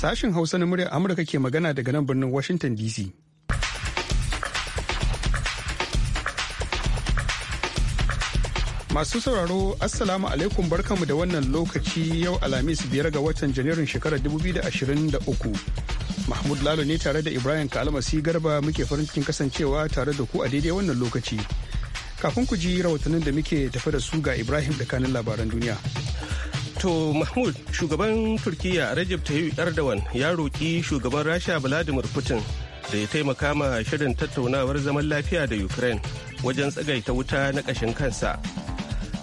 Sashen Hausa na muryar Amurka ke magana daga nan birnin Washington DC. Masu sauraro, Assalamu alaikum barkamu da wannan lokaci yau Alhamis biyar ga watan Janairun shekarar 2023. Mahmud Lalo ne tare da Ibrahim Kalmasi Garba muke farin cikin kasancewa tare da ku a daidai wannan lokaci. Kafin ku ji rahotannin da muke tafi da su ga Ibrahim da kanin labaran duniya. To Mahmud, shugaban Turkiyya Recep Tayyip Ardawan ya roƙi shugaban Rasha Vladimir Putin da ya taimaka ma shirin tattaunawar zaman lafiya da Ukraine wajen tsagaita wuta na ƙashin kansa.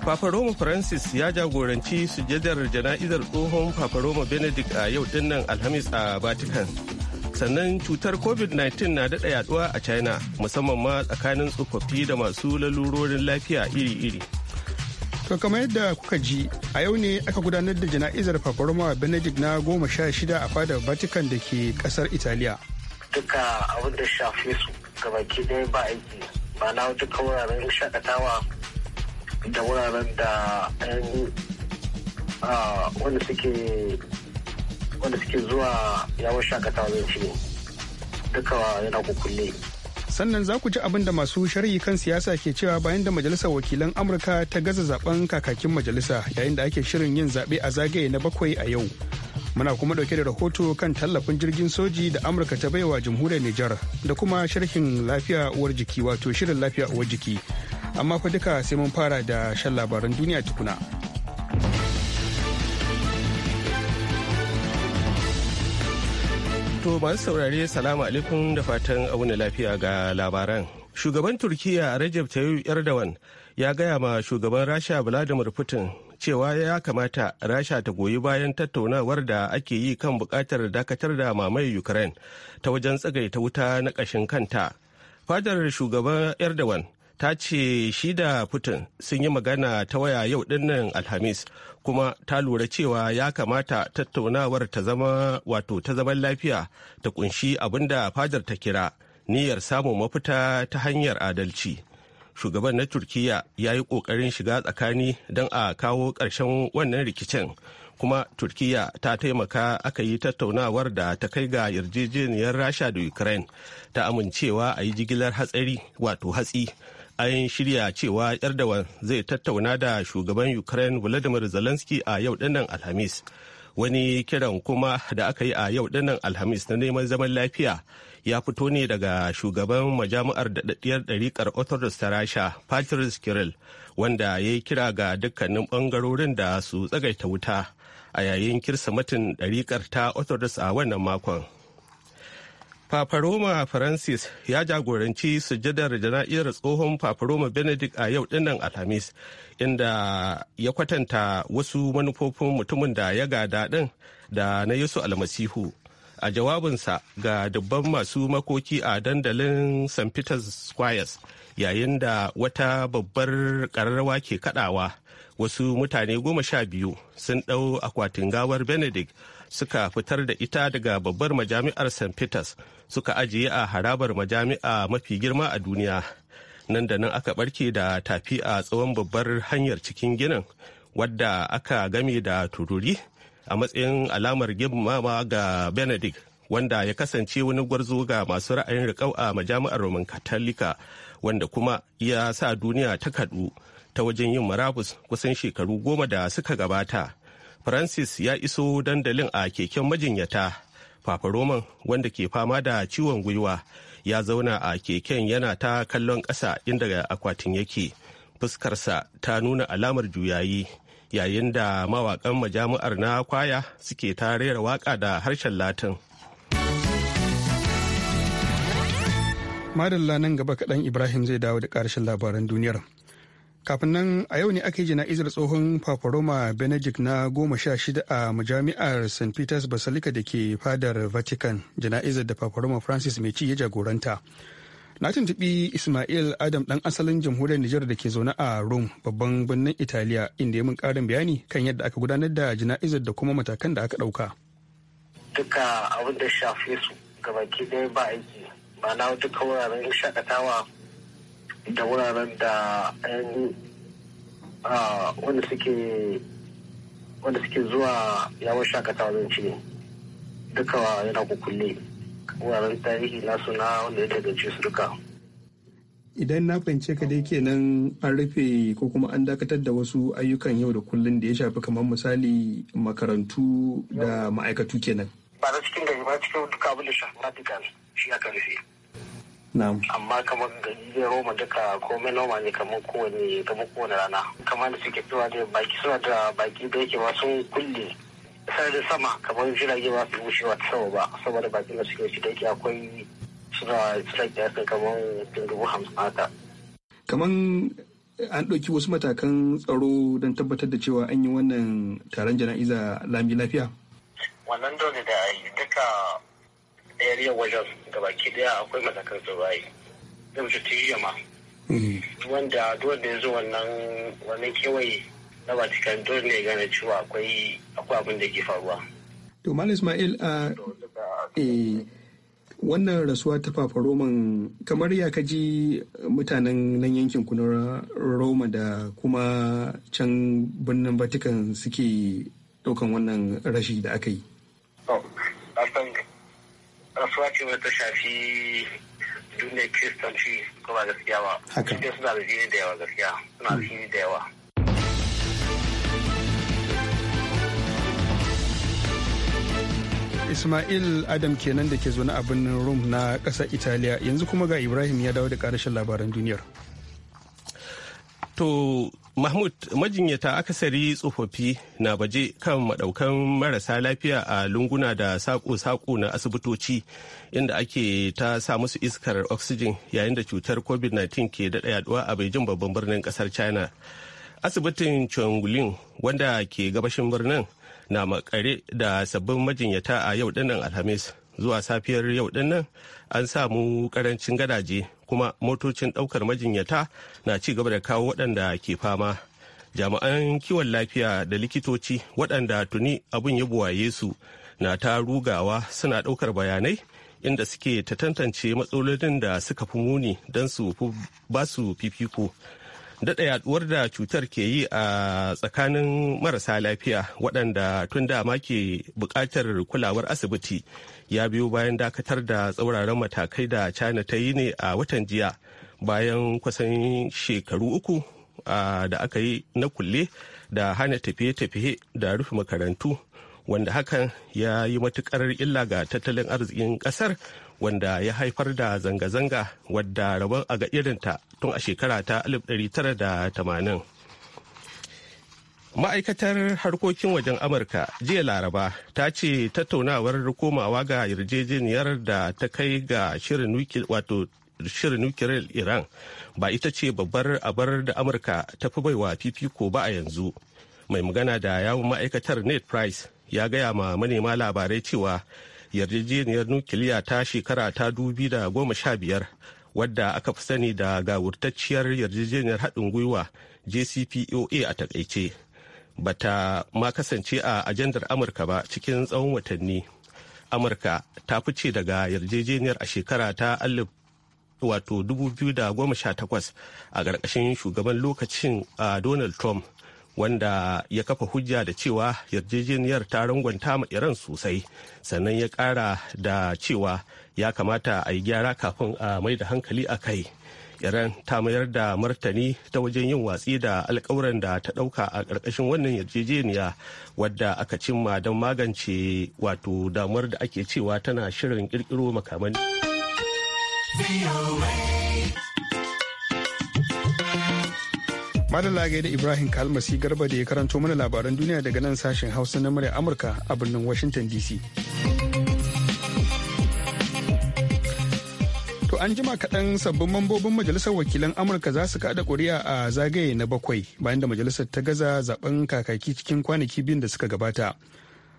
Papa Roma Francis ya jagoranci sujadar jana'izar tsohon Papa Roma Benedict a yau dinnan Alhamis a Vatican. Sannan cutar COVID-19 na daɗa yaduwa a China musamman ma tsakanin tsofaffi da masu lalurorin lafiya iri-iri. To kamar yadda kuka ji a yau ne aka gudanar da jana'izar Paparoma Benedict na goma sha shida a fadar Vatican da ke kasar Italiya. Duka abin da shafe su gabaki ɗaya ba aiki ba na duka wuraren shakatawa da wuraren da wanda suke wanda zuwa yawon shakatawa zai ce duka yana kukulle. sannan za ku ji abin da masu sharhi kan siyasa ke cewa bayan da majalisar wakilan amurka ta gaza zaben kakakin majalisa yayin da ake shirin yin zaɓe a zagaye na bakwai a yau muna kuma ɗauke da rahoto kan tallafin jirgin soji da amurka ta baiwa jamhuriyar nijar da kuma sharhin lafiya uwar jiki wato shirin lafiya uwar jiki amma fa duka sai mun fara da shan labaran duniya tukuna. To masu saurare salamu alaikum da fatan auna lafiya ga labaran. Shugaban Turkiya Recep Tayyip Erdogan ya gaya ma shugaban Rasha Vladimir Putin cewa ya kamata Rasha ta goyi bayan tattaunawar da ake yi kan bukatar dakatar da mamaye Ukraine ta wajen tsagaita wuta na kashin kanta. Fadar shugaban Erdogan ta ce shi da putin sun yi magana ta waya yau dinnan alhamis kuma ta lura cewa ya kamata tattaunawar ta zama wato ta zaman lafiya ta kunshi abin da fajar ta kira niyyar samun mafita ta hanyar adalci shugaban na turkiyya ya yi kokarin shiga tsakani don a kawo ƙarshen wannan rikicin kuma turkiya ta taimaka aka yi tattaunawar da ta kai ga yarjejeniyar rasha da ukraine ta amincewa a yi jigilar hatsari wato hatsi an shirya cewa erdogan zai tattauna da shugaban ukraine volodymyr zelensky a yau dinnan alhamis wani kiran kuma da aka yi a yau dinnan alhamis na neman zaman lafiya ya fito ne daga shugaban majami'ar daɗaɗɗiyar ɗariƙar orthodox ta rasha patrice kirill wanda ya yi kira ga dukkanin ɓangarorin da su tsagaita wuta a yayin matin ɗariƙar ta orthodox a wannan makon Paparoma Francis ya jagoranci sujadar jana'iyar tsohon Paparoma Benedict a yau dinnan Alhamis, inda ya kwatanta wasu manufofin mutumin da ya gada din da na Yesu almasihu. A jawabinsa ga dubban masu makoki a dandalin St. Peter's Squires yayin da wata babbar ƙararrawa ke kaɗawa wasu mutane goma sha biyu sun ɗau akwatin gawar Benedict suka fitar da ita daga babbar majami'ar st peters suka ajiye a harabar majami'a mafi girma a duniya nan da nan aka barke da tafi a tsawon babbar hanyar cikin ginin wadda aka game da tururi a matsayin alamar girmama ga benedict wanda ya kasance wani gwarzo ga masu ra'ayin riƙau a majami'ar roman katolika wanda kuma ya sa duniya ta kaɗu ta wajen yin marabus kusan shekaru goma da suka gabata francis ya iso dandalin a keken majinyata papa roman wanda ke fama da ciwon gwiwa ya zauna a keken yana ta kallon ƙasa inda akwatin yake fuskarsa ta nuna alamar juyayi yayin da mawakan majami'ar na kwaya suke ta rera waka da harshen latin madalla nan gaba kaɗan ibrahim zai dawo da ƙarshen labaran duniyar kafin nan a yau ne aka yi jana'izar tsohon paparoma benedict na goma sha shida a majami'ar st peters basilica da ke fadar vatican jana'izar da paparoma francis mai ci ya jagoranta na tuntubi ismail adam dan asalin jamhuriyar nijar da ke zaune a rome babban birnin italiya inda ya min karin bayani kan yadda aka gudanar da jana'izar da kuma matakan da aka dauka duka abin da shafe su gabaki ba aiki duka wuraren shakatawa da wuraren da wanda suke wanda suke zuwa yawon shakatawa zan ce duka yana kukulle wuraren tarihi nasu suna wanda ya tagace su duka idan na fahimce ka dai kenan an rufe ko kuma an dakatar da wasu ayyukan yau da kullun da ya shafi kamar misali makarantu da ma'aikatu kenan ba na cikin gari ba cikin duka abin da shafi shi aka rufe amma kamar zai roma duka komai noma ne kamar kowane kamar kowane rana kamar da suke cewa da baki suna da baki da yake ba sun kulle sararin sama kamar jirage ba su gushewa ta sama ba saboda baki da suke shi da yake akwai suna suna kiyasa kamar dubu hamsin haka. kamar an ɗauki wasu matakan tsaro don tabbatar da cewa an yi wannan taron jana'iza lami lafiya. wannan dole da duka area wajen gabaki daya akwai matakan tsoraye zai wuce yi yamma e mm-hmm. wanda dole da yanzu wannan wannan kewaye na vatican dole ne gane cewa akwai abin da ke faruwa to mal ismail a eh. Eh, wannan rasuwa ta fafa roman kamar ya kaji mutanen nan yankin kuna roma da kuma can birnin vatican suke daukan wannan rashi da aka yi rasuwa ce wata ta shafi duniyar kiristanci ko ba gaskiya ba. Haka. suna da jini da yawa gaskiya suna da jini da yawa. Ismail Adam kenan da ke zaune a birnin Rome na ƙasar Italiya yanzu kuma ga Ibrahim ya dawo da ƙarashin labaran duniyar. To Mahmud majinyata akasari tsofaffi na baje kan madaukan marasa lafiya a lunguna da sako-sako na asibitoci inda ake ta sa musu iskar oxygen yayin da cutar covid-19 ke daɗa yaduwa a Beijing babban birnin ƙasar China. Asibitin Chongqing wanda ke gabashin birnin na makare da sabbin majinyata a yau dinnan Alhamis zuwa safiyar yau dinnan an samu karancin gadaje kuma motocin ɗaukar majinyata na ci gaba da kawo waɗanda ke fama jami'an kiwon lafiya da likitoci waɗanda tuni abin ya buwaye su na ta rugawa suna ɗaukar bayanai inda suke ta tantance matsalolin da suka fi muni don su ba fifiko daɗa yaduwar da cutar ke yi a tsakanin marasa lafiya waɗanda tun dama ke buƙatar kulawar asibiti ya biyo bayan dakatar da tsauraran matakai da china ta yi ne a watan jiya bayan kusan shekaru uku da aka yi na kulle da hana tafiye-tafiye da rufe makarantu wanda hakan ya yi matuƙar illa ga tattalin arzikin ƙasar wanda ya haifar da zanga-zanga wadda rabon a ga irinta tun a shekara ta 1980. Ma'aikatar harkokin wajen Amurka jiya Laraba ta ce tattaunawar komawa ga yarjejeniyar da ta kai ga shirin wato shirin nukiliyar Iran ba ita ce babbar abar da Amurka ta fi baiwa fifiko ba a yanzu. Mai magana da yawon ma'aikatar net Price ya gaya ma manema labarai cewa yarjejeniyar nukiliya ta shekara ta dubi da goma sha biyar wadda aka fi sani da gawurtacciyar yarjejeniyar haɗin gwiwa jcpoa a takaice bata ma kasance a ajandar amurka ba cikin tsawon watanni amurka ta fice daga yarjejeniyar a shekara ta alif wato 2018 a ƙarƙashin shugaban lokacin donald trump wanda ya kafa hujja da cewa yarjejeniyar ta rangwanta ma iran sosai sannan ya kara da cewa ya kamata a yi gyara kafin a mai da hankali a kai iran ta mayar da martani ta wajen yin watsi da alkawuran da ta dauka a ƙarƙashin wannan yarjejeniya wadda aka cimma don magance wato damar da ake cewa tana shirin kirkiro makamani Madalla da Ibrahim Kalmasi Garba da ya karanto mana labaran duniya daga nan sashen Hausa na murya Amurka a birnin Washington DC. To an jima kaɗan sabbin mambobin majalisar wakilan Amurka za su kaɗa ƙuri'a a zagaye na bakwai bayan da majalisar ta gaza zaben kakaki cikin kwanaki biyun da suka gabata.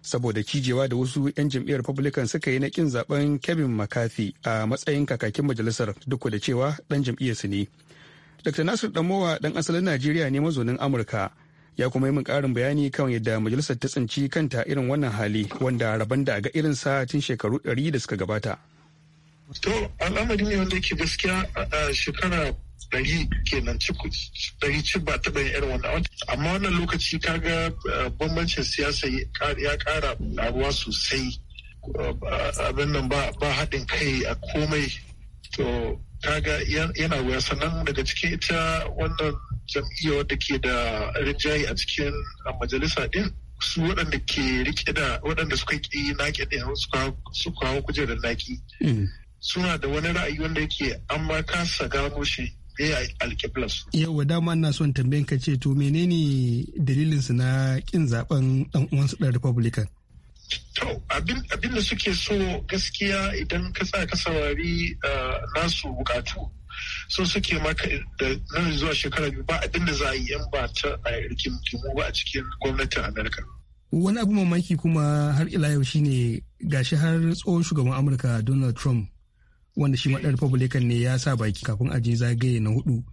Saboda cijewa da wasu 'yan jam'iyyar Republican suka yi na kin zaben Kevin McCarthy a matsayin kakakin majalisar duk da cewa ɗan jam'iyyarsu ne. dr nasir damowa dan asalin najeriya ne mazaunin amurka ya kuma yi min karin bayani kan yadda majalisar ta tsinci kanta irin wannan hali wanda rabon da ga sa tun shekaru 100 da suka gabata to al'amari ne wanda yake gaskiya a shekara ɗari kenan ɗari ci ba taɓa yin irin wannan amma wannan lokaci ga bambancin siyasa ya ƙara ƙaruwa sosai abin nan ba haɗin kai a komai to kaga yana wuya sannan daga cikin ita wannan jam'iyya wadda ke da rinjaye a cikin majalisa din su waɗanda ke rike da waɗanda suka ƙi naƙi ɗin su kawo kujerar naƙi mm. suna da wani ra'ayi wanda yake an ma kasa gano shi me alƙiblas. Yauwa dama ina son tambayan ka ce to menene dalilin su na ƙin zaben ɗan uwansu ɗan Republican? To abin da suke so gaskiya idan ka sa ka saurari eh, nasu bukatu so suke maka da nan zuwa shekara biyu ba abin da za a yi yan ba ta a yarkin kimo ba a cikin gwamnatin Amurka. Wani abu mamaki kuma har ila yau shine gashi har tsohon shugaban Amurka Donald Trump wanda shi maɗan Republican ne ya sa baki kafin aje zagaye na hudu.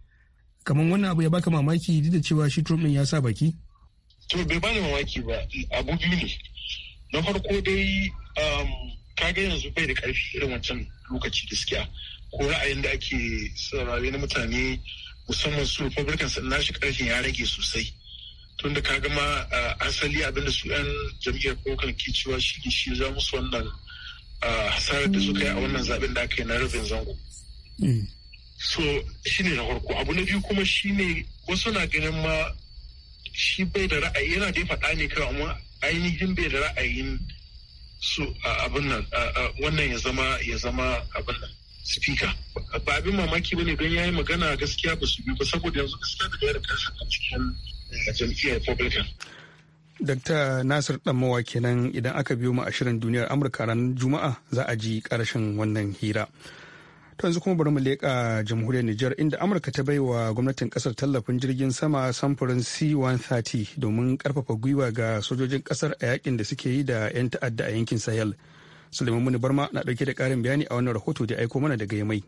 Kamar wannan abu ya baka mamaki duk da cewa shi Trump ɗin ya sa baki? To bai bani mamaki ba abu biyu ne. na farko dai um, kaga yanzu bai da karfi irin wancan lokaci gaskiya ko ra'ayin da ake saurare na mutane musamman su republicans na shi karfin ya rage sosai tun da kaga ma uh, asali abinda su yan jam'iyyar kokan ke cewa shi shi za musu wannan uh, hasarar da suka yi a wannan zaben da aka yi na rabin zango mm. so shi ne na farko abu na biyu kuma shi ne wasu na ganin ma shi bai da ra'ayi yana da ya faɗa ne kawai amma ainihin bai da ra'ayin su a abin nan wannan ya zama ya zama abin nan speaker ba abin mamaki bane don yayi magana gaskiya ba su bi ba saboda yanzu gaskiya da yara kansa a cikin eh, jam'iyyar Republican Dr. Nasir Ɗanmawa kenan idan aka biyo mu a shirin duniyar Amurka ranar Juma'a za a ji ƙarshen wannan hira. To yanzu kuma bari mu leƙa jamhuriyar Nijar inda Amurka ta bai wa gwamnatin kasar tallafin jirgin sama samfurin C-130 domin karfafa gwiwa ga sojojin kasar a yakin da suke yi da 'yan ta'adda a yankin Sahel. Suleiman Muni Barma na ɗauke da ƙarin bayani a wannan rahoto da aiko mana daga Yamai.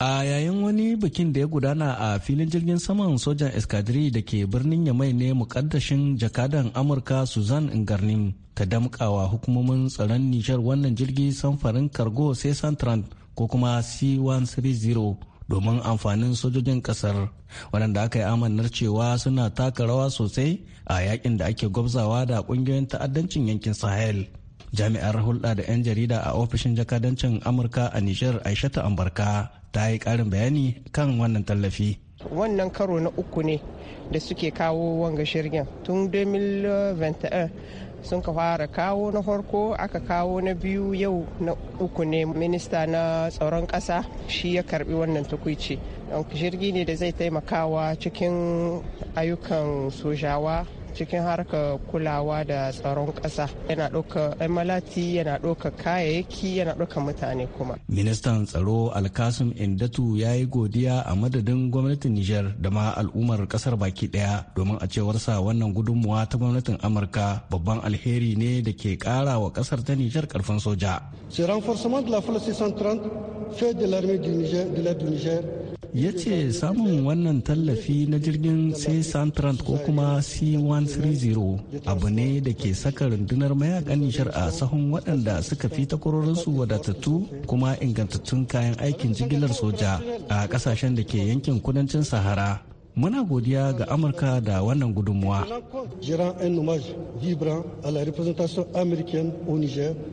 a yayin wani bikin da ya gudana a filin jirgin saman sojan eskadri da ke birnin yamai ne mukaddashin jakadan amurka suzan ingarnim ta damkawa hukumomin tsaron nijar wannan jirgi samfarin cargo sai ko kuma c130 domin amfanin sojojin kasar waɗanda aka yi amannar cewa suna taka rawa sosai a yakin da ake gwabzawa da ƙungiyoyin ta'addancin yankin sahel jami'ar hulɗa da 'yan jarida a ofishin jakadancin amurka a nijar ta ambarka ta yi ƙarin bayani kan wannan tallafi wannan karo na uku ne da suke kawo wanga shirgin tun 2021 sun ka fara kawo na farko aka kawo na biyu yau na uku ne minista na tsaron ƙasa shi ya karbi wannan tukuici jirgi ne da zai taimakawa cikin ayyukan sojawa cikin harkar kulawa da tsaron ƙasa yana ɗauka malati yana ɗauka kayayyaki yana ɗauka mutane kuma. ministan tsaro alkasim indatu ya yi godiya a madadin gwamnatin nijar da ma al'ummar ƙasar baki ɗaya domin a cewarsa wannan gudunmuwa ta gwamnatin amurka babban alheri ne da ke ƙara wa ƙasar ta nijar ƙarfin soja. c'est renforcement de la fait de l'armée du du Niger ya ce samun wannan tallafi na jirgin c-130 ko kuma c-130 abu ne da ke saka rundunar mayakan nishar a sahun waɗanda suka fi takwarorinsu wadatattu kuma ingantattun kayan aikin jigilar soja a ƙasashen da ke yankin kudancin sahara muna godiya ga amurka da wannan gudunmuwa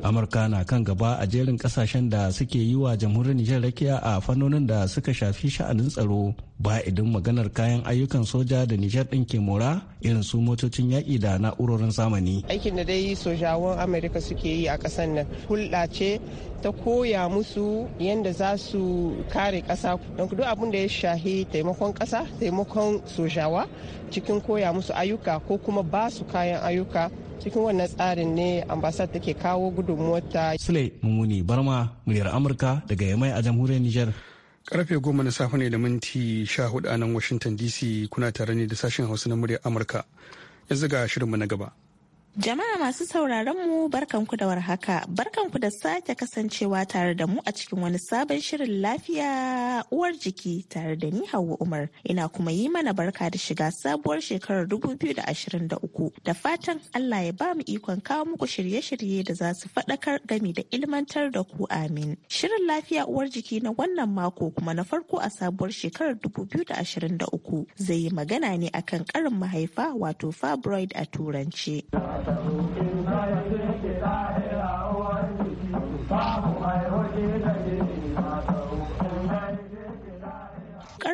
amurka na kan gaba a jerin kasashen da suke yi wa jamhuriyar nijar rakiya a fannonin da suka shafi sha'anin tsaro ba idan maganar kayan ayyukan soja da nishar ɗin ke mora irin su motocin yaƙi da na'urorin zamani. Aikin da dai sojawan Amerika suke yi a ƙasar nan hulɗa ce ta koya musu yadda za su kare ƙasa don duk abin da ya shahi taimakon ƙasa taimakon sojawa cikin koya musu ayyuka ko kuma ba su kayan ayyuka cikin wannan tsarin ne ambasad take kawo gudunmuwarta. Sule Mumuni Barma, muryar Amurka daga Yamai a jamhuriyar Nijar. Karfe goma na safe ne da minti sha hudu a nan Washington DC kuna tare ne da sashen Hausa na murya Amurka. Yanzu ga shirinmu na gaba. Jama'a masu sauraron mu barkanku da warhaka, barkanku da sake kasancewa tare da mu a cikin wani sabon shirin lafiya uwar jiki tare da ni Hauwa Umar. Ina kuma yi mana barka da shiga sabuwar shekarar 2023 da fatan Allah ya ba mu ikon kawo muku shirye-shirye da za su faɗakar gami da ilmantar da ku amin. Shirin lafiya uwar jiki na wannan mako kuma na farko a sabuwar shekarar 2023 zai yi magana ne akan karin mahaifa wato fibroid a turanci. Thank you.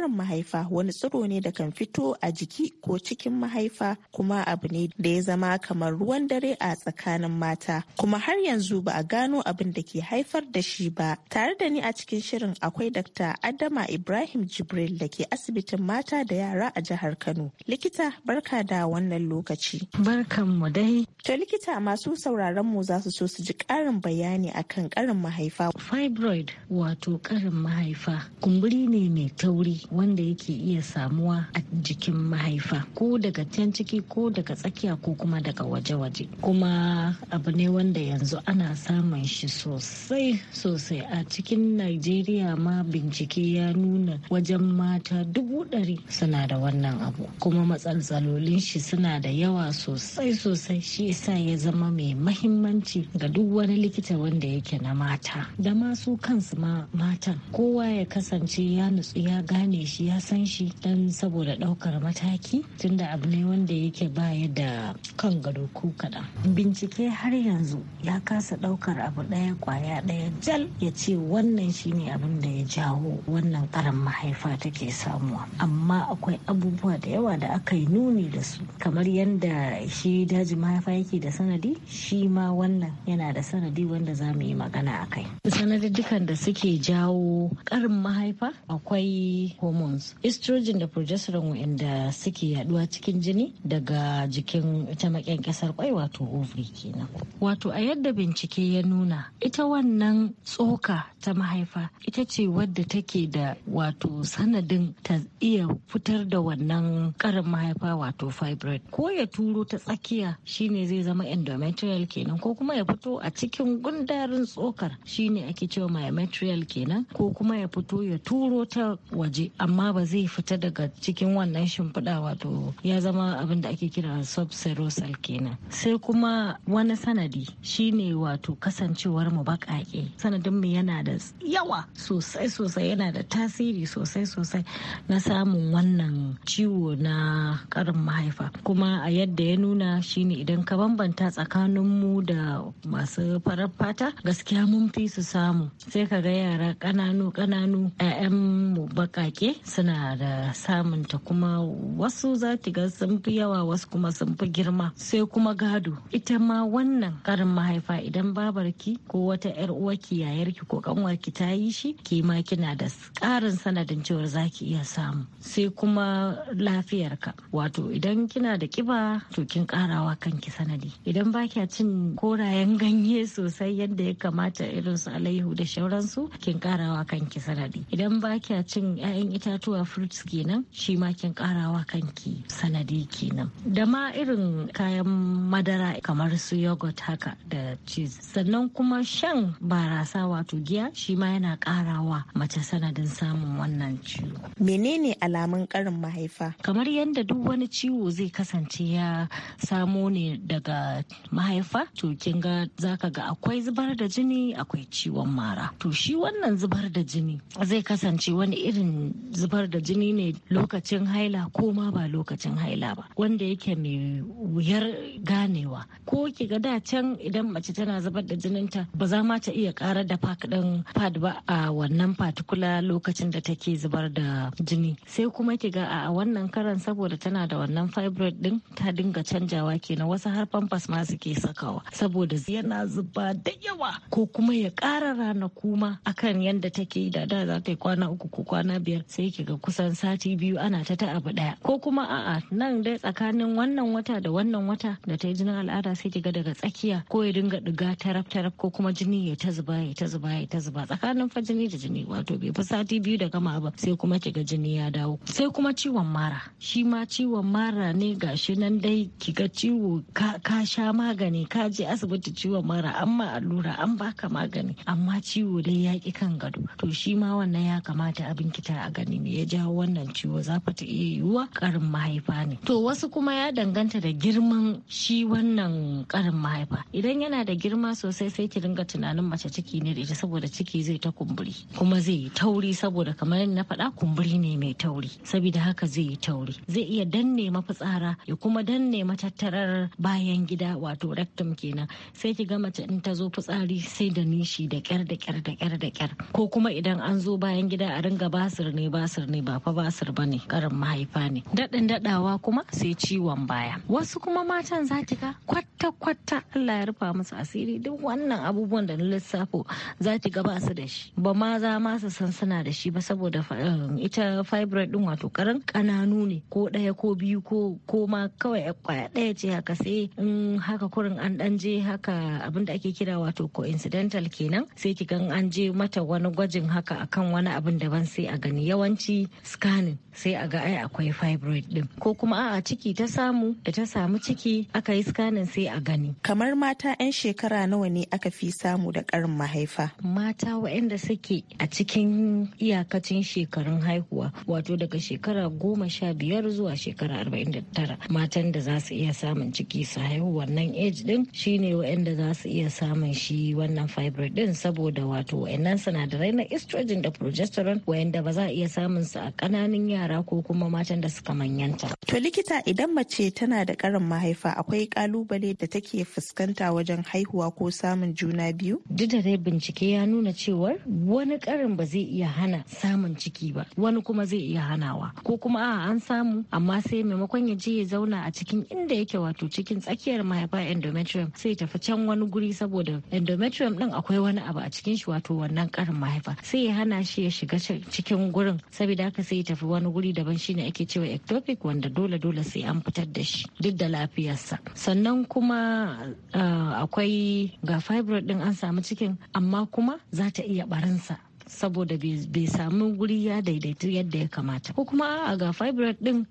Tsarin mahaifa wani tsiro ne da kan fito a jiki ko cikin mahaifa kuma abu ne da ya zama kamar ruwan dare a tsakanin mata. Kuma har yanzu ba a gano abin da ke haifar da shi ba. Tare da ni a cikin shirin akwai dakta Adama Ibrahim Jibril da ke asibitin mata da yara a jihar Kano. Likita barka da wannan lokaci. Barkan dai. To likita masu sauraron mu za su so su ji karin bayani akan karin mahaifa. Fibroid wato karin mahaifa kumburi ne mai tauri wanda yake iya samuwa a jikin mahaifa ko daga can ciki ko daga tsakiya ko kuma daga waje-waje kuma abu ne wanda yanzu ana samun shi sosai sosai a cikin najeriya ma bincike ya nuna wajen mata dubu ɗari suna da wannan abu kuma matsaltsalolin shi suna da yawa sosai sosai shi yasa ya zama mai mahimmanci ga duk wani likita wanda yake na mata da masu kansu ma matan kowa ya kasance ya nutsu ya gane shi ya san shi dan saboda ɗaukar mataki tunda abu ne wanda yake baya da kan gado ko kaɗan. Bincike har yanzu ya kasa ɗaukar abu ɗaya kwaya ɗaya jal ya ce wannan shine abin da ya jawo wannan karan mahaifa take samuwa. Amma akwai abubuwa da yawa da aka yi nuni da su kamar yadda shi daji mahaifa yake da sanadi shi ma wannan yana da sanadi wanda za mu yi magana a kai. dukan da suke jawo karin mahaifa akwai hormones estrogen da progesterone wa'anda suke yaduwa cikin jini daga jikin ita maƙin kasar kwai wato ovary kenan wato a yadda bincike ya nuna ita wannan tsoka ta mahaifa ita ce wadda take da wato sanadin ta iya fitar da wannan karin mahaifa wato fibroid ko ya turo ta tsakiya shine zai zama endometrial kenan ko kuma ya fito a cikin gundarin tsokar shine ake cewa myometrial kenan ko kuma ya fito ya turo ta waje amma ba zai fita daga cikin wannan shimfiɗa wato ya zama abin da ake kira subserosal kenan sai kuma wani sanadi shine wato kasancewar mu baƙaƙe sanadin mu yana da yawa sosai sosai yana da tasiri sosai sosai na samun wannan ciwo na ƙarin mahaifa kuma a yadda ya nuna shine idan ka bambanta tsakanin mu da masu farar fata gaskiya mun fi su samu sai ka ga yara ƙananu ƙananu 'ya'yan mu baƙaƙe gaske suna da samunta kuma wasu za ga sun fi yawa wasu kuma sun fi girma sai kuma gado ita ma wannan karin mahaifa idan babarki ko wata yar uwarki yayarki ko kanwarki ta yi shi ke ma kina da karin sanadin cewar zaki iya samu sai kuma lafiyarka wato idan kina da kiba to kin karawa kanki sanadi idan ba kya cin korayen ganye sosai yadda ya kamata irin su alaihu da shauransu kin karawa kanki sanadi idan ba kya cin 'ya'yan itatuwa fruits kenan shi ma kin karawa kanki sanadi kenan da ma irin kayan madara kamar su yogurt haka da cheese sannan kuma shan barasa wato giya shi ma yana karawa mace sanadin samun wannan ciwo menene alamun karin mahaifa kamar yadda duk wani ciwo zai kasance ya samo ne daga mahaifa to kin ga zaka ga akwai zubar da jini akwai ciwon mara to shi wannan zubar da jini zai kasance wani irin zubar da jini ne lokacin haila ko ma ba lokacin haila ba wanda yake mai wuyar ganewa ko ki ga da can idan mace tana zubar da jininta ba za ma ta iya kara da pak din pad ba a wannan particular lokacin da take zubar da jini sai kuma ki ga a wannan karan saboda tana da wannan fibroid din ta dinga canjawa kenan wasu har pampers ma suke sakawa saboda yana zuba da yawa ko kuma ya kara ranaku ma akan yadda take da da za ta yi kwana uku ko kwana biyar sai ki ga kusan sati biyu ana ta ta abu daya ko kuma a'a nan dai tsakanin wannan wata da wannan wata da ta yi jinin al'ada sai ki ga daga tsakiya ko ya dinga diga taraf taraf ko kuma jini ya ta zuba ya ta zuba ya ta zuba tsakanin fa jini da jini wato bai fi sati biyu da gama ba sai kuma ki ga jini ya dawo sai kuma ciwon mara shi ma ciwon mara ne ga shi nan dai ki ga ciwo ka sha magani ka je asibiti ciwon mara amma allura an baka magani amma ciwo dai ya ki kan gado to shi ma wannan ya kamata abin kita a tunani me ya jawo wannan ciwo za ta iya yiwuwa karin mahaifa ne to wasu kuma ya danganta da girman shi wannan karin mahaifa idan yana da girma sosai sai ki dinga tunanin mace ciki ne da ita saboda ciki zai ta kumburi kuma zai yi tauri saboda kamar na faɗa kumburi ne mai tauri saboda haka zai yi tauri zai iya danne mafitsara ya kuma danne matattarar bayan gida wato rectum kenan sai ki ga mace in ta zo fitsari sai da nishi da kyar da kyar da kyar da kyar ko kuma idan an zo bayan gida a ringa basir ne basir ne ba fa basir ba ne karin mahaifa ne daɗin daɗawa kuma sai ciwon baya wasu kuma matan za ki ga kwata kwata Allah ya rufa musu asiri duk wannan abubuwan da na lissafo za ki ga basu da shi ba ma za ma su san suna da shi ba saboda um, ita fibroid din wato karan kananu ne ko ɗaya ko biyu ko ko ma kawai kwaya ɗaya ce haka sai in haka kurin an ɗan je haka abin da ake kira wato coincidental kenan sai ki ga an je mata wani gwajin haka akan wani abin daban sai a gani yawan yawanci scanning sai a ga ai akwai fibroid din ko kuma a ciki ta samu da ta samu ciki aka yi scanning sai a gani kamar mata 'yan shekara nawa ne aka fi samu da karin mahaifa mata waɗanda suke a cikin iyakacin shekarun haihuwa wato daga shekara goma sha biyar zuwa shekara arba'in da tara matan da za su iya samun ciki su haihu wannan age din shine waɗanda za su iya samun shi wannan fibroid din saboda wato waɗannan sinadarai na estrogen da progesterone waɗanda ba za a iya samun su a ƙananan yara ko kuma matan da suka manyanta. To likita idan mace tana da karin mahaifa akwai kalubale da take fuskanta wajen haihuwa ko samun juna biyu? Duk da dai bincike ya nuna cewar wani karin ba zai iya hana samun ciki ba wani kuma zai iya hanawa ko kuma a an samu amma sai maimakon ya je ya zauna a cikin inda yake wato cikin tsakiyar mahaifa endometrium sai tafi can wani guri saboda endometrium ɗin akwai wani abu a cikin shi wato wannan karin mahaifa sai ya hana shi ya shiga cikin gurin gurin saboda haka sai ya tafi wani guri daban shine ake cewa ectopic wanda dole dole sai an fitar da shi duk da lafiyarsa sannan kuma ah, akwai ga fibroid din an samu cikin amma kuma za ta iya barinsa saboda bai samu guri ya daidaitu yadda ya kamata ko kuma a ga fibroid din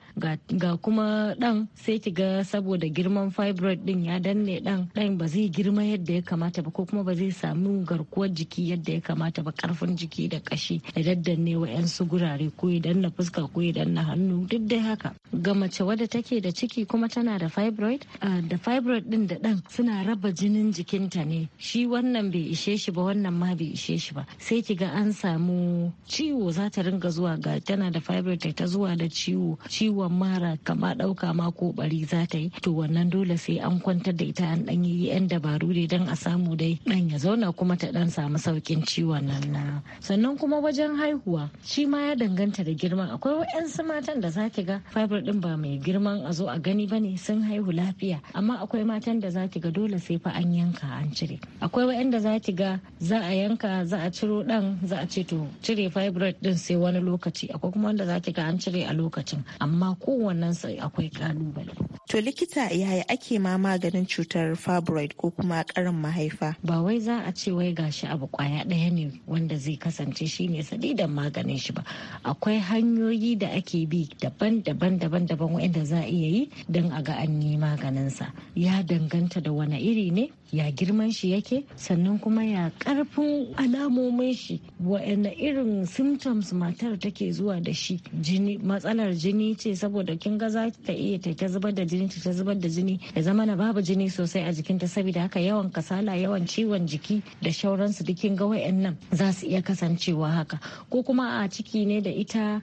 ga kuma dan sai ki ga saboda girman fibroid din ya danne dan dan ba zai girma yadda ya kamata ba ko kuma ba zai samu garkuwar jiki yadda ya kamata ba karfin jiki da kashi da daddanne wa'yansu gurare ko ya danna fuska ko ya danna hannu duk dai haka ga mace wadda take da ciki kuma tana da fibroid da fibroid din da dan suna raba jinin jikinta ne shi wannan bai ishe shi ba wannan ma bai ishe shi ba sai ki ga an an samu ciwo za ta ringa zuwa ga tana da fibroid ta zuwa da ciwo ciwon mara kama ɗauka ma ko bari za ta yi to wannan dole sai an kwantar da ita an ɗan yi yan dabaru dai don a samu dai ɗan ya zauna kuma ta ɗan samu sauƙin ciwon nan na sannan kuma wajen haihuwa shi ma ya danganta da girma akwai wa'yansu matan da za ki ga fibroid ɗin ba mai girman a zo a gani ba ne sun haihu lafiya amma akwai matan da za ki ga dole sai fa an yanka an cire akwai wa'yanda za ki ga za a yanka za a ciro ɗan za a ce to cire fibroid din sai wani lokaci akwai kuma wanda za ki ga an cire a lokacin amma kowannen sai akwai kalubale. To likita yaya ake ma maganin cutar fibroid ko kuma karin mahaifa? Ba wai za a ce wai gashi abu kwaya ɗaya ne wanda zai kasance shine sadidan maganin shi ba. Akwai hanyoyi da ake bi daban-daban daban-daban wa'inda za a iya yi don a ga an yi maganinsa. Ya danganta da wani iri ne, ya girman shi yake, sannan kuma ya karfin alamomin shi wa'anda irin symptoms matar take zuwa da shi jini matsalar jini ce saboda kin ga za ta iya ta ta zubar da jini ta zubar da jini ya zama na babu jini sosai a jikinta saboda haka yawan kasala yawan ciwon jiki da shauransu duk kin ga wa'annan za su iya kasancewa haka ko kuma a ciki ne da ita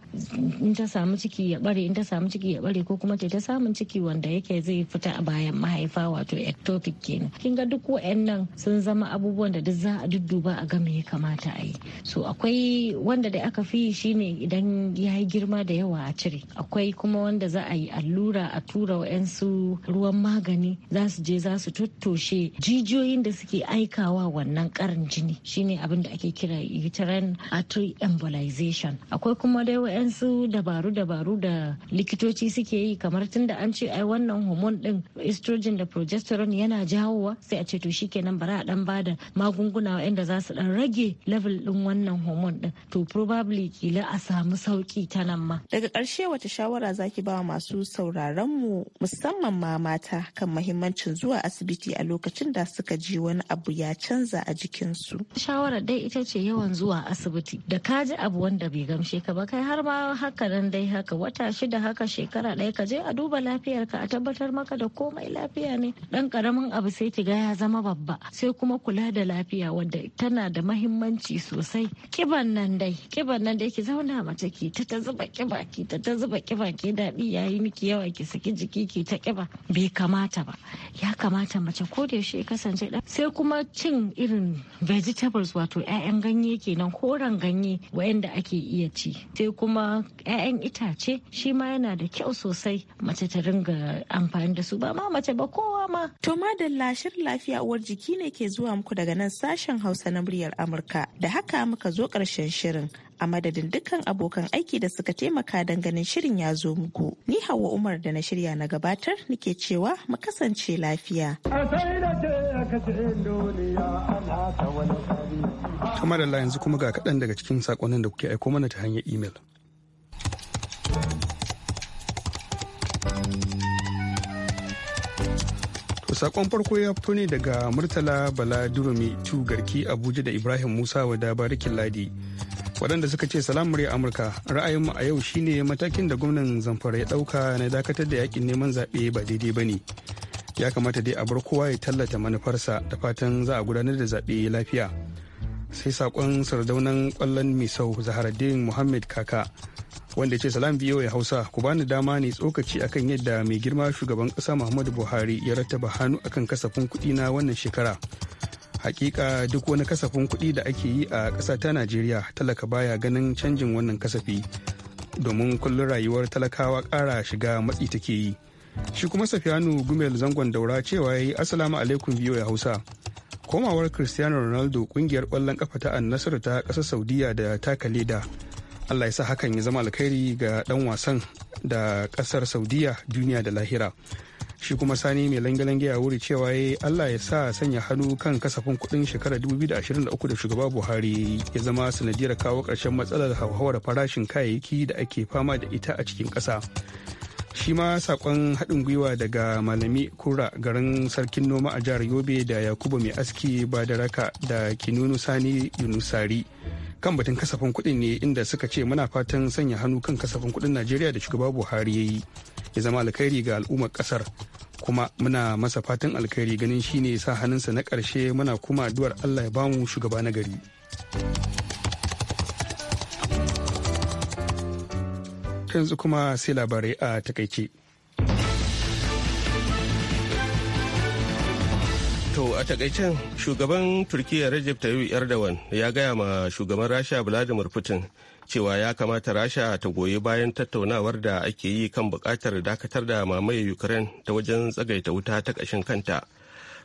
in ta samu ciki ya bare in ta samu ciki ya bare ko kuma ta samun ciki wanda yake zai fita a bayan mahaifa wato ectopic kenan kin ga duk wa'annan sun zama abubuwan da duk za a dudduba a ga me ya kamata a yi so akwai wanda da aka fi shine idan ya yi girma da yawa a cire akwai kuma wanda za a yi allura a tura wa'yansu ruwan magani za su je za su tottoshe jijiyoyin da suke aikawa wannan karin jini shine abin da ake kira uterine artery embolization akwai kuma dai wa'yansu dabaru-dabaru da likitoci suke yi kamar tun da an ce ai wannan hormone din estrogen da progesterone yana jawowa sai a ce to shikenan bara a dan bada magunguna wa'yanda za su dan rage level din wannan wannan hormone din to probably kila a samu sauki ta nan ma daga karshe wata shawara zaki ba masu sauraron mu musamman ma mata kan mahimmancin zuwa asibiti a lokacin da suka ji wani abu ya canza a jikin su shawara dai ita ce yawan zuwa asibiti da ka ji abu wanda bai gamshe ka ba kai har ma haka nan dai haka wata shida haka shekara ɗaya ka je a duba lafiyar ka a tabbatar maka da komai lafiya ne dan karamin abu sai ki ga ya zama babba sai kuma kula da lafiya wanda tana da mahimmanci sosai kiban nan dai kiban nan dai ki zauna mace ki ta ta zuba kiba ki ta ta zuba kiba ki daɗi yayi miki yawa ki saki jiki ki ta kiba bai kamata ba ya kamata mace ko da yaushe kasance ɗan sai kuma cin irin vegetables wato ƴaƴan ganye kenan koran ganye wayanda ake iya ci sai kuma ƴaƴan itace shi ma yana da kyau sosai mace ta ringa amfani da su ba ma mace ba kowa ma to madalla shirin lafiya uwar jiki ne ke zuwa muku daga nan sashen hausa na muryar amurka da haka muka muka zo ƙarshen shirin a madadin dukkan abokan aiki da suka taimaka don ganin shirin ya zo muku. Ni hawa Umar da na shirya na gabatar nake cewa mu kasance lafiya. Kamar da yanzu kuma ga kaɗan daga cikin saƙonin da kuke aiko mana ta hanyar imel. sakon farko ya fito ne daga murtala bala durumi tu garki abuja da ibrahim musa wada barikin ladi waɗanda suka ce salamu murya amurka ra'ayinmu a yau shine matakin da gwamnan zamfara ya ɗauka na dakatar da yakin neman zaɓe ba daidai ba ne ya kamata dai a bar kowa ya tallata manufarsa da fatan za a gudanar da zaɓe lafiya sai sakon sardaunan kwallon misau zaharaddin muhammad kaka wanda ce salam ya hausa ku bani dama ne tsokaci akan yadda mai girma shugaban kasa muhammadu buhari ya rattaba hannu akan kasafin kuɗi na wannan shekara hakika duk wani kasafin kuɗi da ake yi a ƙasa ta najeriya talaka baya ganin canjin wannan kasafi domin kullum rayuwar talakawa ƙara shiga matsi take yi shi kuma safiyanu gumel zangon daura cewa ya yi assalamu alaikum ya hausa komawar cristiano ronaldo kungiyar kwallon kafa ta annasar ta kasar saudiya da taka leda allah ya sa hakan ya zama alkhairi ga dan wasan da kasar saudiya duniya da lahira shi kuma sani mai langalange ya wuri cewa ya allah ya sa sanya hannu kan kasafin kudin shekarar 2023 da shugaba buhari ya zama sanadiyar kawo ƙarshen matsalar hauhawar farashin kayayyaki da ake fama da ita a cikin ƙasa. shi ma sakon haɗin gwiwa daga malami kura garin sarkin noma a jihar yobe da yakubu mai aski badaraka da kinunu sani yunusari kan batun kasafin kuɗin ne inda suka ce muna fatan sanya hannu kan kasafin kuɗin najeriya da shugaba buhari ya yi ya zama alkhairi ga al'ummar ƙasar kuma muna masa fatan alkhairi ganin shine sa hannunsa na karshe muna kuma addu'ar allah ya bamu shugaba na gari. yanzu kuma sai labarai a takaice. To a takaicen shugaban Turkiyya Recep Tayyip Erdogan ya gaya ma shugaban Rasha Vladimir Putin cewa ya kamata Rasha ta goyi bayan tattaunawar da ake yi kan bukatar dakatar da mamaye Ukraine ta wajen tsagaita wuta ta kashin kanta.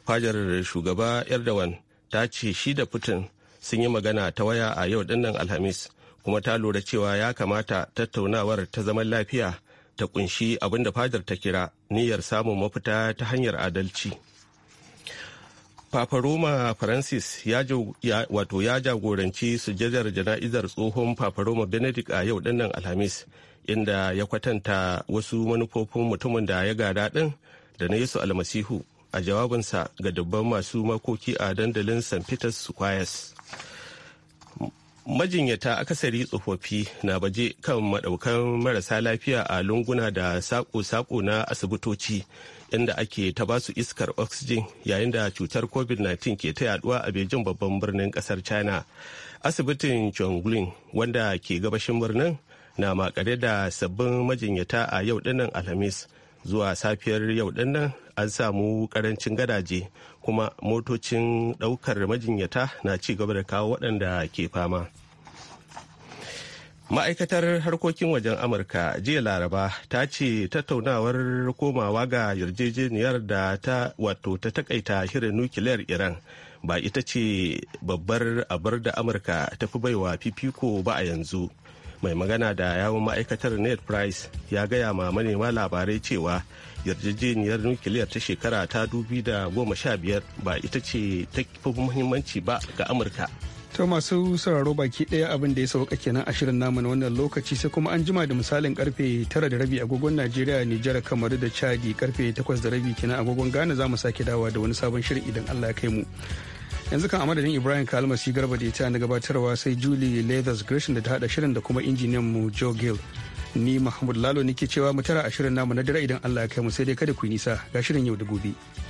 Fajar shugaba Erdogan ta ce shi da Putin sun yi magana ta waya a yau dinnan Alhamis kuma ta lura cewa ya kamata tattaunawar ta zaman lafiya ta kunshi abin da fadar ta kira niyyar samun mafita ta hanyar adalci. Papa Roma Francis ya, wato ya jagoranci sujadar jana'izar tsohon Papa Roma Benedict a yau dinnan Alhamis, inda ya kwatanta wasu manufofin mutumin da ya gada din da na Yesu Almasihu a jawabinsa ga dubban masu makoki a dandalin St. Peter's Squares. majinyata akasari tsofaffi na baje kan madaukan marasa lafiya a lunguna da sako-sako na asibitoci inda ake ta basu iskar oxygen yayin da cutar covid-19 ke ta yaduwa a beijing babban birnin kasar china asibitin chongqing wanda ke gabashin birnin na makare da sabbin majinyata a yau dinnan alhamis zuwa safiyar yau dinnan an samu karancin gadaje kuma motocin ɗaukar majinyata na ci gaba da kawo waɗanda ke fama. ma'aikatar harkokin wajen amurka jiya laraba ta ce tattaunawar komawa ga yarjejeniyar da ta wato ta takaita shirin nukiliyar iran ba ita ce babbar abar da amurka ta fi baiwa fifiko ba a yanzu mai magana da yawon ma'aikatar net price ya gaya ma manema labarai cewa yarjejeniyar nukiliyar ta shekara ta sha biyar ba ita ce ta fi muhimmanci ba ga amurka ta masu sauraro baki daya abin da ya sauka kenan a shirin namu na wannan lokaci sai kuma an jima da misalin karfe tara da rabi agogon Najeriya Nijar kamar da Chadi karfe takwas da rabi kenan agogon Ghana za mu sake dawa da wani sabon shirin idan Allah ya kai mu. yanzu kan amadadin ibrahim kalmasi garba da ita na gabatarwa sai julie leathers gresham da ta hada shirin da kuma injiniyan mu joe gill ni mahmud lalo nike cewa mu tara a shirin namu na dare idan allah ya kai mu sai dai kada ku yi nisa ga shirin yau da gobe.